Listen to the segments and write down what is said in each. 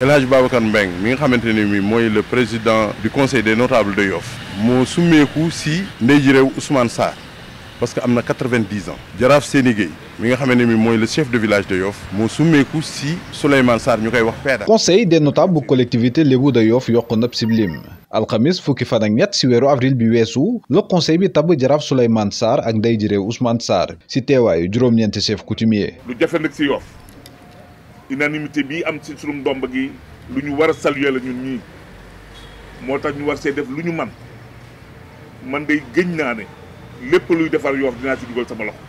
El Hadj Babacar Mbengue mi nga mi le président du conseil des notables de Yoff moo summeeku si ndey Ousmane Sarr parce que a 90 ans Jaraf Sénégal, mi nga mi le chef de village de Yoff moo summeeku si Souleymane Sarr nous koy wax conseil des notables bu collectivité lébu de Yoff yokk Sublime. si lim alxamis fukki fan ak si weeru avril bi le conseil bi tabb Jaraf Souleymane Sarr ak ndey Ousmane Sarr si teewaayu juróom chef coutumier Le jafe de si Yoff unanimité bi am ci suñu ndomb gi lu ñu war a saluer la ñun moo tax ñu war see def lu ñu man man day gëñ naa ne lépp luy defar Yoff dinaa ci dugal sama loxo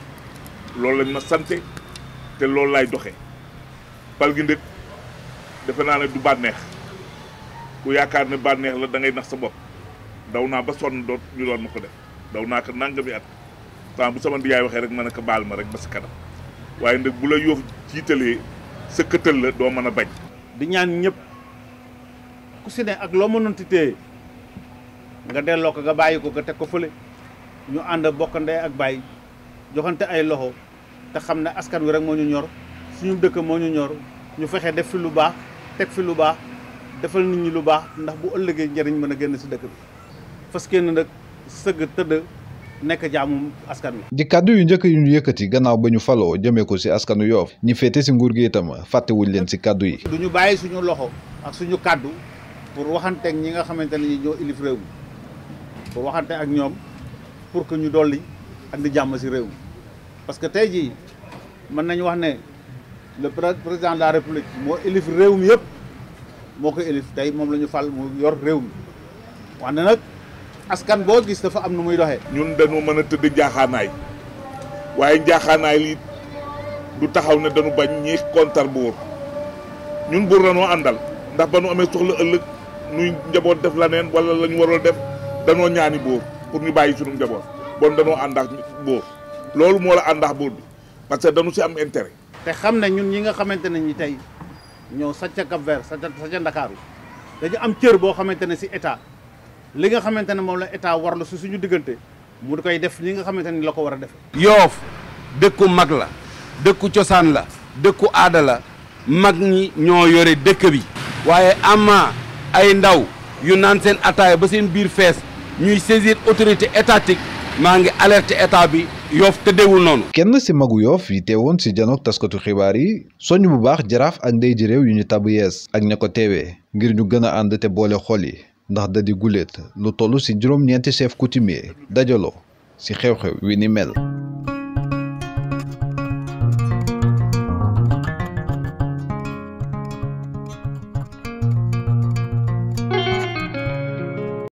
loolu lañ ma sante te loolu laay doxe pal gi ndëkk defe naa ne du bànneex ku yaakaar ne bànneex la da ngay nax sa bopp daw naa ba sonn doot ñu doon ma ko def daw naa ko nangami at temps bu sama yaay waxee rek ma ne ko baal ma rek ba si kanam waaye ndëkk bu la Yoff jiitalee sa këtal la doo mën a bañ. di ñaan ñëpp ku si ne ak loo mënoon téye nga delloo ko nga bàyyi ko nga teg ko fële ñu ànd bokk ndey ak bàyyi joxante ay loxo te xam ne askan wi rek moo ñu ñor suñu dëkk moo ñu ñor ñu fexe def fi lu baax teg fi lu baax defal nit ñi lu baax ndax bu ëllëgee njëriñ mën a génn si dëkk bi fas kenn nag sëgg tëdd. nek jaamu askan wi. di kaddu yu ñëk yu ñu gannaaw ba ñu faloo ko si askanu yoof ñi fété si nguur gi itam wuñ leen si kaddu yi. duñu bàyyi suñu loxo ak suñu kaddu pour waxanteeg ñi nga xamante ne ñoo ilif réew mi pour waxante ak ñoom pour que ñu dolli ak di jàmm si réew mi parce que tey jii mën nañu wax ne le président de la république moo ilif réew mi yëpp moo ko ilif tey moom fal mu yor réew mi wax askan boo gis dafa am nu muy doxee. ñun dañu mën a tëdd njaaxaanaay waaye njaaxaanaay lii du taxaw ne dañu bañ ñi kontar buur ñun buur la noo àndal ndax ba nu amee soxla ëllëg nuy njaboot def la neen wala la ñu warul def danoo ñaani buur pour ñu bàyyi sunu njaboot bon danoo ànd ak buur loolu moo la ànd ak buur bi parce que dañu si am intere te xam ne ñun ñi nga xamante ne ñi tey ñoo sàcc Cap Vert sàcc sàcc Ndakaaru dañu am cër boo xamante ne si état. li nga xamante ne moom la état warlu si suñu diggante mu di koy def li nga xamante ni la ko war a def yoof dëkku mag la dëkku cosaan la dëkku aadala mag ñi ñoo yore dëkk bi waaye ama ay ndaw yu naan seen ataaya ba seen biir fees ñuy saisir autorité étatique maa ngi alerte état bi yoof tëddeewul noonu kenn ci magu yoof yi teewoon ci janook taskatu xibaar yi soñ bu baax jaraaf ak ndey ji réew yu ñu tabu yees ak ña ko teewee ngir ñu gën a ànd te boole xol yi ndax da guléet lu toll si juróom-ñeenti chef coutumier dajaloo ci xew-xew wi ni mel